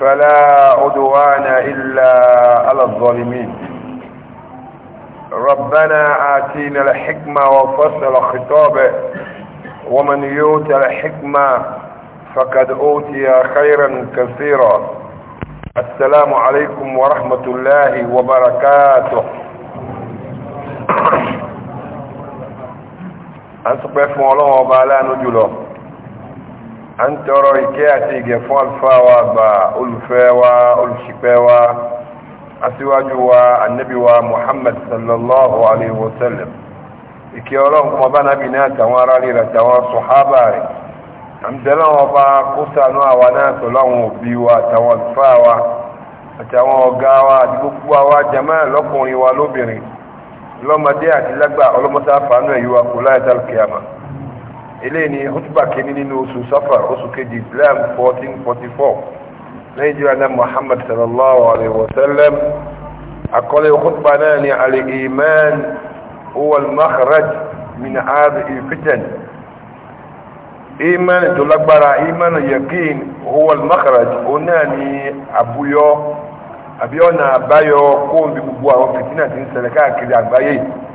فلا عدوان إلا على الظالمين ربنا آتينا الحكمة وفصل خطابه ومن يؤتى الحكمة فقد أوتي خيرا كثيرا السلام عليكم ورحمة الله وبركاته أنت بفهم الله وبعلانه a ń tọrọ ìkẹ́ àti ìgẹ̀ fún àlùfáà wa àgbà olùfẹ́ wa olùṣìpẹ̀ wa aṣíwájú wa annabi wa muhammad sallallahu alaihi wasallam ìkẹ́ ọlọ́run kọmọ bá nábi náà tàwọn ará rí ràtàwọn sọ̀hábà rẹ̀ àmìtẹ́lọ́wọ́ bá kó sànú àwa náà tọ́lọ́wọ́n òbí wa àtàwọn àlùfáà wa àtàwọn ọ̀gá wa àti gbogbo àwa jàmáà wa lóbìnrin lọ́mọdé àti lágbà ọlọ́mọsáfà náà yíwa kò láyé tálùkì àmà eléyìí ni hutuba kìíní nínú oṣù safar oṣù kejì islam fourteen forty four lẹ́yìn jíra náà muhammad sallallahu alayhi wa sallam àkọlé hutuba náà ni al-iman huwa al-makhraj min hadhihi al-fitan iman tó lágbára iman yakin huwa al-makhraj òun náà ni àbúyọ àbí ọ̀nà àbáyọ kóńbi gbogbo àwọn fìtínà tí ń ṣẹlẹ̀ káàkiri àgbáyé yìí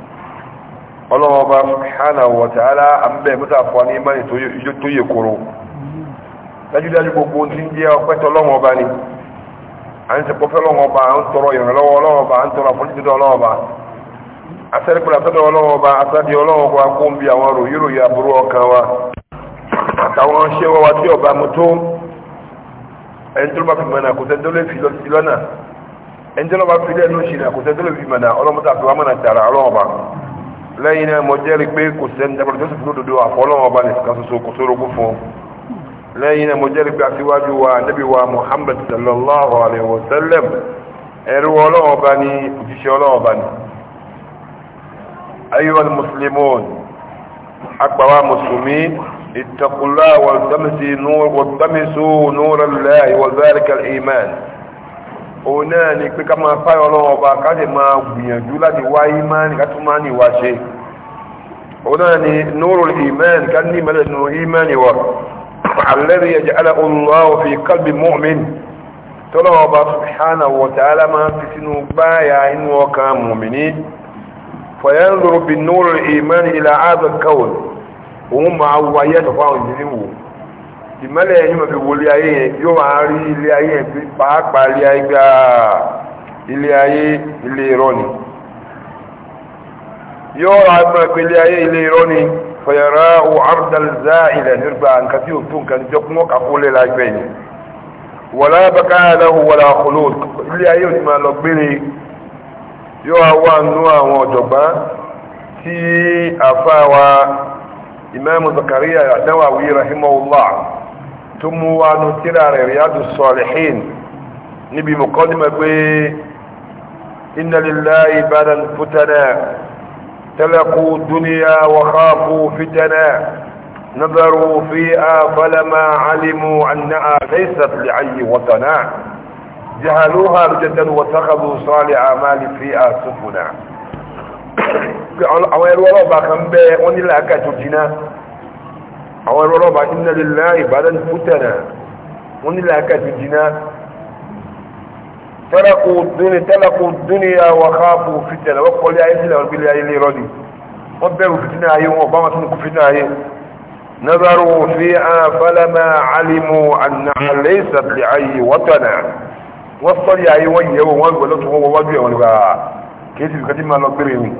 ọlọ́wọ́ bá subhanahu wa ta'ala àmbẹ̀ mọ́ta fún ní mọ́ni tó yẹ kúrò dájúdájú gbogbo tí ń jẹ́ ọpẹ́tọ̀ lọ́wọ́ bá ní à ń ṣe pọ́fẹ́ lọ́wọ́ bá ń tọrọ ìrànlọ́wọ́ ọlọ́wọ́ bá ń tọrọ àfọ́nìtìdọ́ ọlọ́wọ́ bá asẹ́rẹ́pẹ̀lẹ̀ àtọ́dọ̀ ọlọ́wọ́ bá asádì ọlọ́wọ́ bá kó ń bi àwọn ròyìnròyìn aburú ọkàn wa àtàwọn ṣẹ́wọ́ wa tí ọba mu bá fi mọ̀nà kò sẹ́ńtọ́ tó bá fi lẹ́nu ṣìnà kò sẹ́ńtọ́ tààrà ọlọ́wọ́ lẹ́yìn náà mo jẹ́rìí pé kò sẹ́ni dábàá tó sì fún òdodo àfọlọ́wọ́ ọba nìkan ṣoṣo kò sórogún fún un lẹ́yìn náà mo jẹ́rìí pé aṣíwájú wa nábì wa muhammad sallallahu alayhi wa sallam ẹ̀rú ọlọ́wọ́ ọba ní òjíṣẹ́ ọlọ́wọ́ ọba ní. ayiwal muslimun akpawa musulmi ittaqullah wàlùdámísù nùrọ̀ láì wàlùdáríkà iman òun náà ni pé ká máa fáyọ ọlọ́wọ́ ọba ká lè máa gbìyànjú láti wá ìmánì ká tún máa ní ìwà ṣe òun náà ni nurul iman ká ní ìmọ̀lẹ̀ nínú ìmánì wa alladhi yaj'alahu Allahu fi qalbi mu'min tọ́lọ́wọ́ ọba subhanahu wa ta'ala fi sínú gbáyà inú ọkàn mùmìnì fayanzuru bin nurul ìmọ́lẹ̀ yẹn yóò fi wọlé ayé yẹn yóò máa rí ilé ayé yẹn fi pàápàá ilé ayé gbà ilé ayé ilé irọ́ ni yóò ra ẹgbẹ́ pé ilé ayé ilé irọ́ ni fẹ̀yẹ̀rẹ́ o ardalza ilẹ̀ nígbà nǹkan tí ó tó nǹkan jọ kún ọkà kó lé lágbẹ́ yẹn wọ̀lá bàkà aláwọ̀ wọ̀lá kọló ilé ayé òní máa lọ gbére yóò wá nú àwọn ọ̀jọ̀gbọ́n tí àfáwa imam zakariya àdáwà wí rahimahullah tó mú wá ní tíra rẹ̀ ríádù sọ̀lẹ̀hìn níbi mọ̀kọ́dìmọ̀ pé inna lillahi badan fútẹ́nà tẹ́lẹ̀kù dúníyà wàhápù fítẹ́nà nazaru fi a falama alimu annaha laysat li ayi watana jahaluha rujadan wa takhadhu salih amali fi a sufuna àwọn ẹrú ọlọ́ọ̀bà kan bẹ́ẹ̀ wọ́n nílẹ̀ akẹ́tù jiná àwọn ẹ̀rọ ọlọ́ba inna lillahi ìbádàn fútẹ̀nà wọn ní làákà ti jìnnà tẹ́lẹ̀kù dúnni tẹ́lẹ̀kù dúnni àwọn káàbù fìtẹ̀nà wọ́n kọ́lé ayé sílẹ̀ wọn gbélé ayé lé rọ́ọ̀dì wọ́n bẹ̀rù fìtínà ayé wọn ọba wọn tún kú fìtínà ayé نظروا فيها فلما علموا أنها ليست لأي وطن وصل يا أي وجه وانقلت هو وجه وانقلت كيف يكتب ما لقريني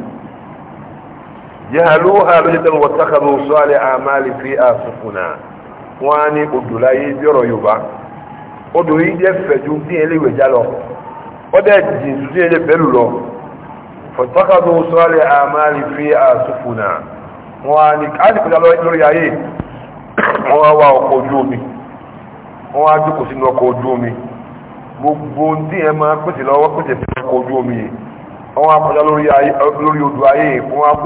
jahaluha lójútẹ́nu wọ́tàkàrọ̀ sọ́ọ̀lẹ̀ àmàlì fi àsùnkùnà wọ́n á ní odò láyé odo yorùbá odò yìí jẹ́ fẹ̀jú bí eléwé já lọ ọdẹ jìnsù tí ẹjẹ bẹ́lù lọ fọ́tàkàrọ̀ sọ́ọ̀lẹ̀ àmàlì fi àsùnkùnà wọ́n á ní káàdì kọjá lórí ayé wọ́n á wá ọkọ̀ omi omi gbogbo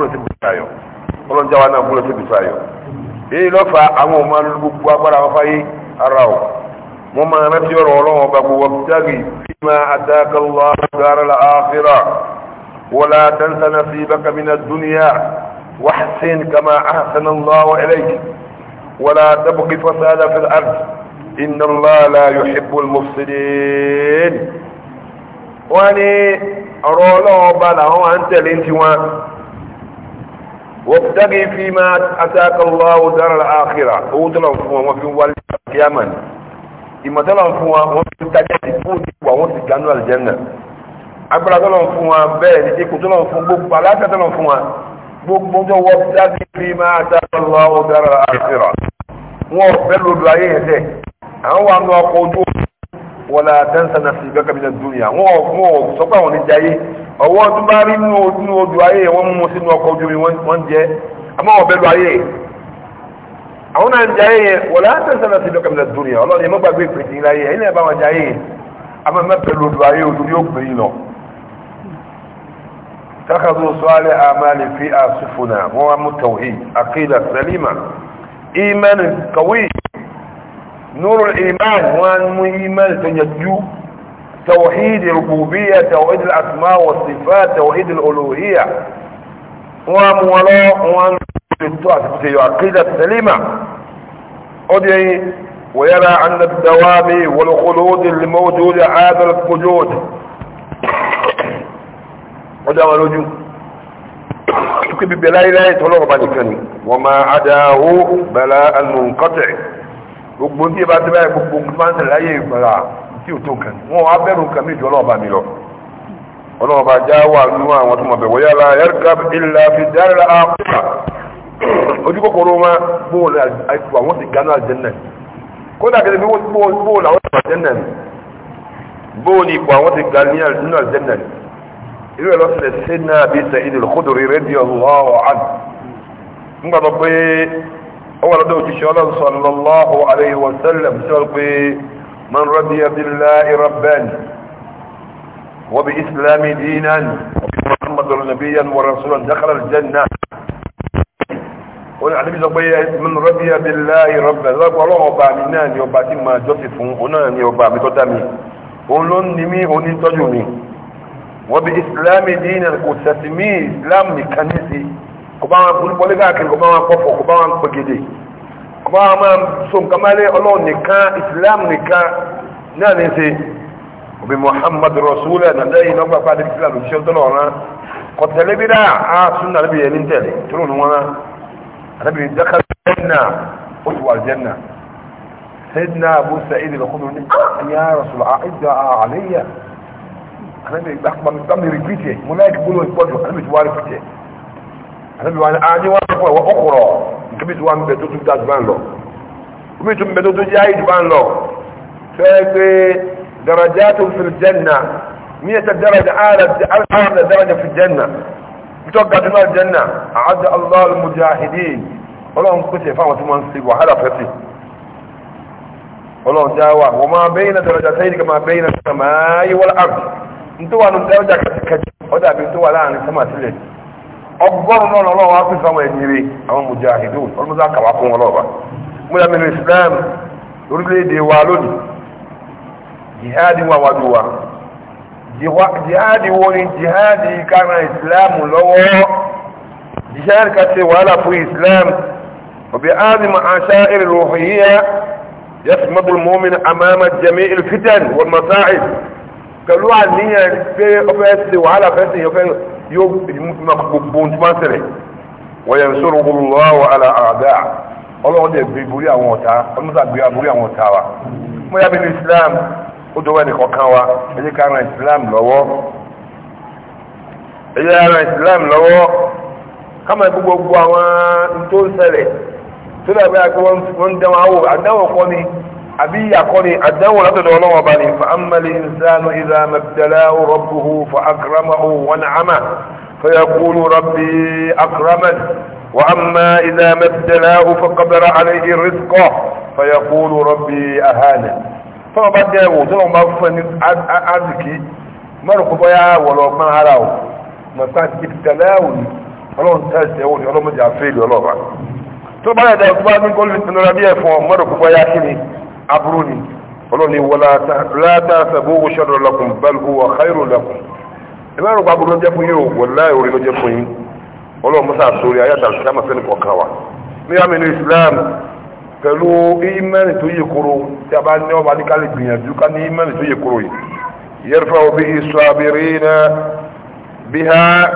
omi ayọ̀ ọlọ́run jáwa náà gbọ́dọ̀ tètè fàyọ̀ lo fa àwọn ma lu gbogbo agbára wa fayi ara ọ̀ ma na ti ọ̀rọ̀ ọlọ́run ọba gbogbo jáde fíìmà àtàkàlọ́ àgbára àfẹ́rà wọlá tẹ́ńtánà sí bákàmínà dúníyà wàhásìn kama àhásánà lọ́wọ́ ẹlẹ́yìí wọlá tẹ́bùkì fọ́sádà fẹ́lẹ́ àrùn inna allah ard ان الله لا يحب المفسدين واني ọba بالا à ń tẹ̀lé وان وابتغي فيما أتاك الله دار الآخرة هو تلعن فوا وفي والي قياما إما تلعن فوا وفي تجد فوتي وفي جانو الجنة agbára tọ́lọ̀ fún wa bẹ́ẹ̀ ní ikú tọ́lọ̀ fún gbogbo aláṣẹ tọ́lọ̀ fún wa gbogbo tó wọ́n dájú bí máa dára lọ́wọ́ dára àṣírà wọn ò fẹ́ lòdù ayé yẹn tẹ̀ àwọn wà nù ọkọ̀ wọ́lá tẹ́ǹsán náà sì gbẹ́kẹ̀ mi náà dúnìyà wọ́n ò sọ pé àwọn oníjà yé ọwọ́ tó bá rí nínú ojú odò ayé wọ́n mú sínú ọkọ̀ ojú omi wọ́n jẹ́ àmọ́ ọ̀bẹ lu ayé àwọn náà ń jẹ ayé yẹn wọ́lá tẹ́ǹsán náà sì gbẹ́kẹ̀ mi náà dúnìyà ọlọ́run yẹn mọ́gbàgbé ìpèsè ńlá yẹ é نور الإيمان وأن إيمان تنجو توحيد الربوبية توحيد الأسماء والصفات توحيد الألوهية ومولاء وأن تتعطي عقيدة سليمة أدعي ويرى أن الدوام والخلود الموجود هذا الوجود أدعى الوجود لا وما عداه بلاء منقطع gbogbo bí eba ti báyìí gbogbo nǹkan máa ń tẹ̀lé ayé ìgbàlá tí ò tó nǹkan wọn á bẹ̀rù nǹkan méjì ọlọ́ọ̀bá mi lọ ọlọ́ọ̀bá já wà nú àwọn tó mọ̀ bẹ̀ wọ́yá la yẹ́rìkà ilà fi dára àkùnà ojú kòkòrò wọn bóun ní àìsù àwọn ti gánà àjẹnà kódà kẹlẹ bóun làwọn ti àjẹnà bóun ní ipò àwọn ti ga ní àjẹnà irú ẹ̀ lọ́sẹ̀ sẹ́nà bíi sẹ́yìn أول دوت شلال صلى الله عليه وسلم شلقي من رضي بالله ربا وبإسلام دينا محمد نبيا ورسولا دخل الجنة wọ́n àdébí sọ pé mẹ́nu rọ́bí abiláì rọ́bẹ̀ lọ́pọ̀ ọlọ́run ọba mi náà ni ọba tí máa jọ́sì fún òun náà ni ọba mi tọ́ta mi òun ló ń ní mí òun ní tọ́jú mi wọ́n bí ìsìlámì dínà kò sẹ̀sì mí nìkan ní sí kò bá wọn burú bọ́lé káàkiri kò bá wọn pọ̀pọ̀ kò bá wọn pẹ̀gẹ̀dẹ̀ kò bá wọn máa so nǹkan máa lé ọlọ́run nìkan ìsìlámù nìkan náà ní ṣe òbí muhammad rasulẹ̀ nàdá yìí lọ́gbà pàdé ìsìlámù lòṣìṣẹ́ tọ́lọ̀ ọ̀rán kò tẹ̀lé bí dáa á sún nàbí yẹn ní tẹ̀lé tó lónìí wọn rán àbí dákàlù jẹ́nà ó ti wà jẹ́nà سيدنا أبو سعيد الخدري يا رسول الله علي أنا بقى من ضمن رجلي ملاك بقولوا يقولوا أنا مش وارد فيه àtàbí wa ni a ah, ní wọ́n fún ẹ̀wọ́ ọkùrọ̀ níbi tí wọ́n bẹ tó tún dájú bá ń lọ omi tún bẹ tó tún yá ìdí bá ń lọ tó yẹ pé darajatun fil janna mi yẹ ta daraja ààrẹ daraja fil janna tó ga tó náà janna àádọ́ Allahul mujahideen ọlọ́run pèsè fáwọn tí wọ́n ń ṣe wàhálà fẹ́sì ọlọ́run já wà wọ́n máa bẹ́yìn náà daraja sẹ́yìn kí máa bẹ́yìn náà sàmáyé wọ́n àrùn nítorí wọn dáwọ́jà kàtìkàtì ọjà àbí tó láàrin sọ́mà sílẹ̀ ọgọ́rùn náà lọ́wọ́ wá fífà àwọn ẹni rẹ̀ àwọn mujahidun ọlọ́mọdé kàwá fún wọn lọ́wọ́ mo yà mẹ́rin islam orílẹ̀-èdè wa lónìí jihadi wà wájú wa jihadi wo ni jihadi kára islam lọ́wọ́ jihadi ká ṣe wàhálà fún islam òbí ázìmọ̀ àṣà irin ruhiyya يسمد المؤمن امام جميع الفتن والمصاعب قالوا عنيا في افس وعلى فس yóò ma gbogbo tí wọ́n ṣẹlẹ̀ wọ́yẹ̀ ń sọ̀rọ̀ olùwàwọ̀ ala àdá ọlọ́run dẹ̀ gbé borí àwọn ọ̀tá ọlọ́mọta gbé borí àwọn ọ̀tá wa mo yà bí ní islam ó dọwọ́ ẹnì kọ̀ọ̀kan wa ẹ jẹ́ ká islam lọ́wọ́ ẹ jẹ́ ká islam lọ́wọ́ káma ẹ gbogbo àwọn tó ń ṣẹlẹ̀ tó dàbí àgbẹ̀ wọ́n ń dẹ́wọ̀n àwò àdáwọ̀ kọ́ ni àbí àkọ́ni àdánwò látọ̀dọ̀ ọlọ́wọ́ bá ní fa amali insanu idha mabtalahu rabbuhu fa akramahu wa na'ama fa yaqulu rabbi akraman wa amma idha mabtalahu fa qadara alayhi rizqa fa yaqulu rabbi ahana fọwọ́ bá dẹ́ wò tọ́lọ́ bá fún ẹni azìkí mọ́rùn kó bọ́yá wọ̀lọ́ máa ara o mọ̀tá ìtẹ̀lẹ́ ò ní ọlọ́run tẹ̀sẹ̀ ò ní ọlọ́mọdé àfẹ́lẹ̀ ọlọ́ba tó bá yẹ dẹ́ tó bá ní kó lè tẹ̀lé ọlọ́bí ẹ̀fọn mọ́rùn kó bọ́yá kí ni أبروني قلوني ولا لا تسبوه شر لكم بل هو خير لكم إلا رب أبو نجفه والله يريد نجفه قلوه مساء السوري آيات الشام سنك وكاوة نعم الإسلام قالوا إيمان تيكرو تبعني نعم عليك على البنية كان إيمان تيكرو يرفع به الصابرين بها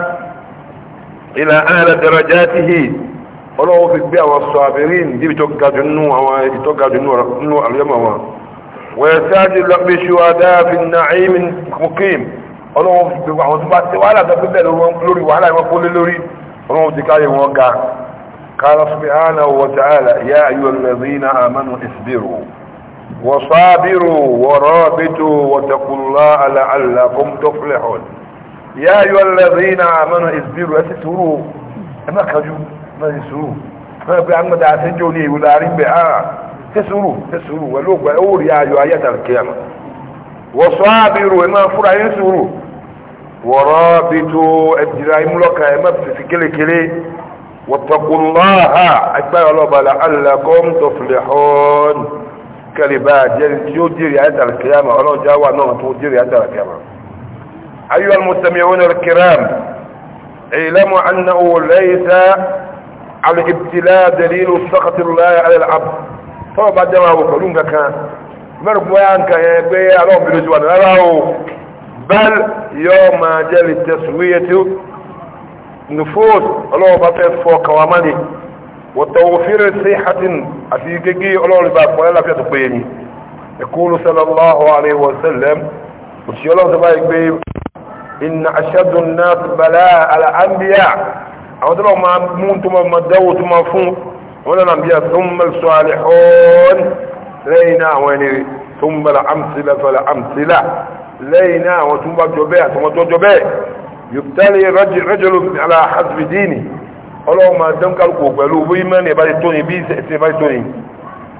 إلى أعلى درجاته ọlọ́wọ́ fi gbé àwọn sọ̀rọ̀bìnrin níbi tó ga jù nínú àwọn ibi tó ga jù nínú àlùyọ́mọ̀ wọn wọ́n sáájú lọ́pẹ́ṣù adáàfin na'im mukim ọlọ́wọ́ fi gbé àwọn tó bá ti wàhálà tó bẹ́ẹ̀ lórí wàhálà wọn kó lé lórí ọlọ́wọ́ ti káyé wọn ga kára subhanahu wa ta'ala ya ayu allazina amanu isbiru wa sabiru wa rabitu wa taqullaha la'allakum tuflihun ya ayu allazina amanu isbiru asbiru ẹ má kájú fẹ́ sùúrù fẹ́ pé àwọn ọmọdé àtẹ́jọ́ ní ìwé láàrin bẹ̀ áà tẹ́sùrù tẹ́sùrù wẹ̀ ló gbà ó rí ayọ̀ ayẹ́ta kíyàmà wọ́n sọ ábírù ẹ̀ máa fúra yín sùúrù wọ̀rọ̀ bí tó ẹ̀dìrà ìmúlọ́kà ẹ̀ máa fèsì kélékélé wọ́tọ̀kùnláhà ẹgbẹ́ ọlọ́bàlà alákọ́m tó filẹ̀ hàn kẹlẹ̀bà jẹ́ tí ó jèrè ayẹ́ta kíyàmà ọlọ́jà wà náà tó jèrè ayẹ́ta kíyàmà ayọ́ al-mustami'un al-kiram اعلموا أنه ليس alìbtìlá dalilu sọ́kàtìlá alìlàb tọ́wọ́ bá jẹ́ máa wò pẹ̀lú nǹkan kan mẹ́rin bóyá nǹkan yẹn gbé aláwọ̀bìnrin jù wà rárá o bẹ́ẹ̀ yọ máa jẹ́ lè tẹ̀sùwéyẹ tí ó nufus ọlọ́wọ́ bá fẹ́ fọ kàwámánì wọ́tọ̀wọ́ fírẹ̀ sí hatin àti gégé ọlọ́run bá fọ́ lálàáfíà tó péye ni ẹ̀kúrú sallallahu alaihi wa sallam òṣìṣẹ́ ọlọ́run tó bá yẹ gbé inna ashadun nas bala al-anbiya أودل ما موت ما مدوت ما فون ولا نبي ثم الصالحون لينا وين ثم الأمثلة فالأمثلة لينا وثم جبع ثم جبع يبتلي رجل رجل على حسب ديني اللهم دمك القبلو بيمن يبالي توني بيس اتفاي توني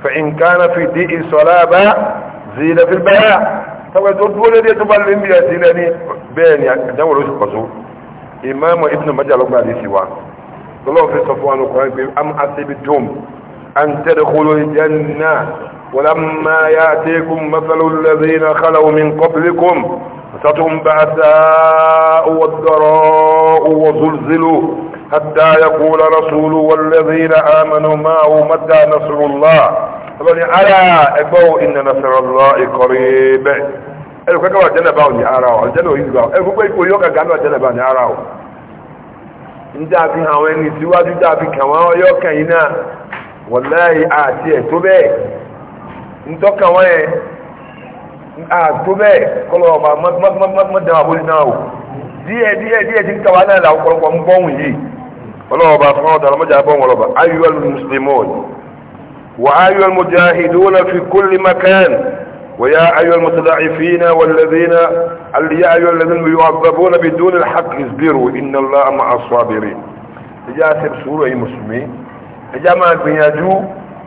فإن كان في دي صلابة زيد في البيع فقد تقول لي تبالي بيا زيلاني يعني. بيني يعني. دولو شخصو imam ibn Majah ló gbadi siwa lo fi sọ fún wa lọ́kọ̀ọ́ pé am asibtum an tadkhulul janna walamma ya'tikum mathalu alladhina khalu min qablikum مسستهم بأساء والضراء وزلزلوا حتى يقول رسول والذين آمنوا معه amanu ma الله nasrullah ألا أبو إن نصر الله قريب ẹ̀rọ kẹ́kẹ́ wà jẹ́nà báwọn ní ara ọ̀ jẹ́nà òyìnbó báwọn ẹ̀rọ gbogbo ipò yọ̀ọ̀kà gánà jẹ́nà báwọn ní ara ọ̀ njaabi àwọn ẹni síwájú jaabi kàn wọ́n yọ̀ọ̀kà yìí náà wọ̀láyì àti ẹ̀tọ́ bẹ́ẹ̀ ntọ́ka wọn yẹn àtó bẹ́ẹ̀ kọ́lọ̀ ọba mọ́tàn àbórí náà o díẹ̀ díẹ̀ díẹ̀ ti ń kàwá náà làwọn kọ́lọ́kọ́ ń bọ́ wùn yìí kọ́lọ̀ fún ọ̀dà ويا ايها المتضعفين والذين يا ايها الذين يعذبون بدون الحق اصبروا ان الله مع الصابرين يا سب سوره اي مسلمين يا جماعه بن يجو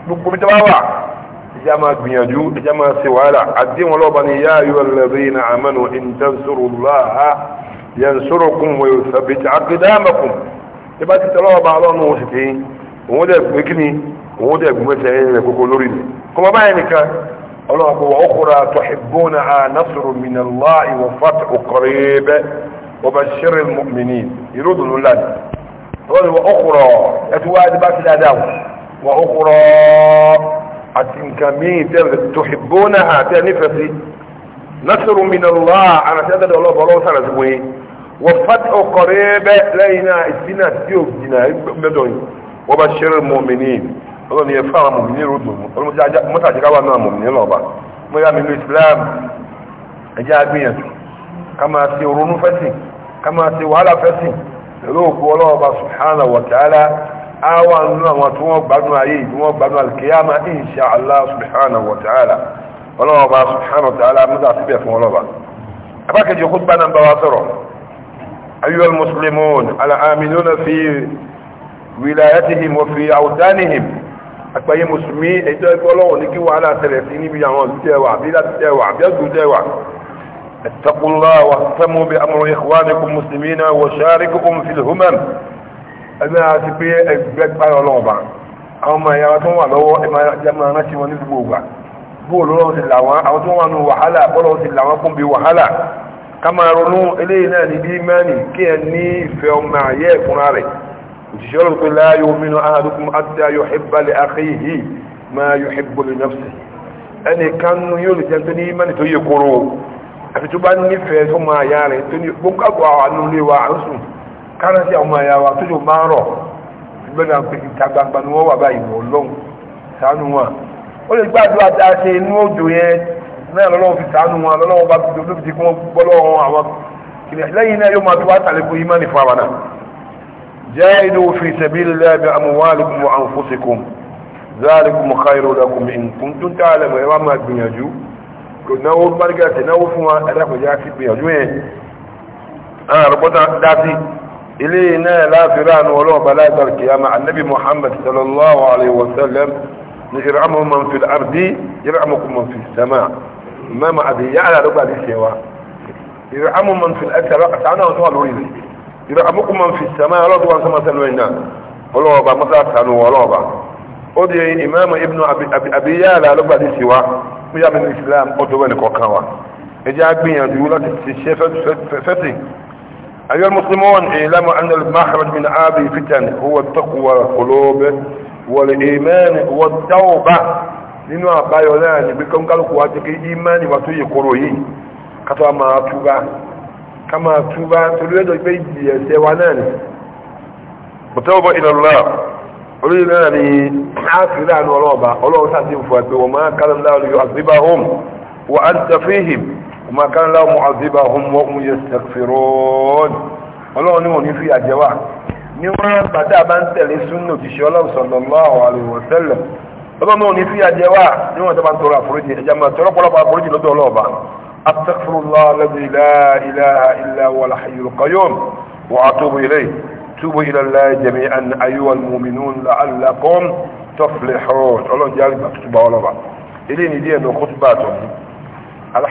دغ بي يا جماعه بن يجو يا جماعه سوالا الدين ولو بني يا ايها الذين امنوا ان تنصروا الله ينصركم ويثبت اقدامكم تبات تلو با لو نو بكني ودا بمتاي كوكو كما باينكا أولاك وأخرى تحبونها نصر من الله وفتح قريب وبشر المؤمنين يرد الأولاد أولاك وأخرى أتواعد بات الأداوة وأخرى أتن تحبونها تنفسي نصر من الله أنا سأدد الله بلوصة نزوين وفتح قريب لينا إثنى تيوب جنائب مدوين وبشر المؤمنين ọlọ́ni ẹ fún àwọn mòmìnì ròdò mọ́tà jẹ́ káwọn náà mòmìnì lọ́ba mo yá mi lu Islam ẹjẹ́ agbìyànjú ká máa ṣe ronú fẹ́sìn ká máa ṣe wàhálà fẹ́sìn pẹ̀lú òkú ọlọ́ọba subhanahu wa ta'ala àwọn nínú àwọn tí wọ́n gbádùn ayé tí wọ́n gbádùn alkiyama insha Allah subhanahu wa ta'ala ọlọ́ọba subhanahu wa ta'ala mọ́tà síbẹ̀ fún àgbáyé mùsùlùmí ètò ẹgbẹ́ ọlọ́run ní kí wàhálà ṣẹlẹ̀ sí níbi àwọn olùtẹ́wà àbí látẹ́wà àbí àgbòtẹ́wà اتقوا الله واهتموا بأمر إخوانكم مسلمين وشارككم في الهمم ẹgbẹ́ àti pé ẹgbẹ́ pààrọ̀ ọlọ́run bá àwọn ọmọ ẹ̀yà tó wà lọ́wọ́ ẹmọ rántí wọn ní gbogbo ògbà bó lọ́rọ̀ ti là wọ́n àwọn tó wà nù wàhálà bọ́lọ̀ ti là wọ́n fún bí wàhálà ká máa ronú eléyìí náà ní bí mẹ́rin kí ẹ ní ìfẹ́ ọmọ ayé ẹ̀kúnra rẹ̀ òṣìṣẹ́ ọlọ́run pé la yu'minu ahadukum hatta yuhibba li akhihi ma yuhibbu li nafsihi ẹnì kan nù yóò lè jẹ́ tó ní mẹ́ni tó yẹ kóró àti tó bá nífẹ̀ẹ́ tó máa yá rẹ̀ tó ní gbóngbàgbọ́ àwọn anúlé wa à ń sùn kára sí àwọn àyà wa tó yóò máa rọ̀ gbẹ́gbẹ́ جاهدوا في سبيل الله بأموالكم وأنفسكم ذلكم خير لكم إن كنتم تعلمون يا ما تبينجو كناو برغا تناو فما رفع جاكي جو أنا ربنا داتي إلينا لا فران ولا بلا ترك يا مع النبي محمد صلى الله عليه وسلم يرعمهم من في الأرض يرعمكم من في السماء ما ما أبي يعلى ربا لسيوا يرعمهم من في الأرض أنا وتوالوا إليه يرحمكم من في السماء رضوا عن سماء سلوينا ولو أبا مساء سانوا ولو أبا أدي إمام ابن أبي, أبي, أبي يالا لبا دي سوا ويا من الإسلام أدوان كوكاوا إجا أبين يقول الشيخ فتي أيها المسلمون اعلموا أن المخرج من هذه الفتن هو التقوى القلوب والإيمان والتوبة nínú àbáyọ náà ni pé kọ́ńkálùkù wá ti kí ìmáàni wá tó yẹ kóró yìí kátó a máa túbá ká máa túbá torí ẹ̀dọ̀ pé ìdí ẹ̀ṣẹ̀ wa náà ni mọ̀tẹ́wọ́bọ̀ ìlọ́lá olóyìn náà ni a sì láàánú ọlọ́ọ̀bá ọlọ́run sáà ti ń fọ ẹgbẹ́ wọn máa kálọ̀ láwọn yóò àzíbá hom wọ́n á ń tafíhìm wọ́n máa kálọ̀ láwọn àzíbá hom wọ́n mú yẹ sẹ́fìrọ́ọ̀n ọlọ́run ni wọ́n ní fi àjẹwà ní wọ́n bá ń tẹ̀lé bá ń tọrọ àforíjì ẹ̀jẹ̀ máa tọrọ pọ̀lọpọ̀ àforíjì أستغفر الله الذي لا إله إلا هو الحي القيوم وأتوب إليه توبوا إلى الله جميعا أيها المؤمنون لعلكم تفلحون الله جعل مكتوبة ولبا إليني دي أنه خطباتهم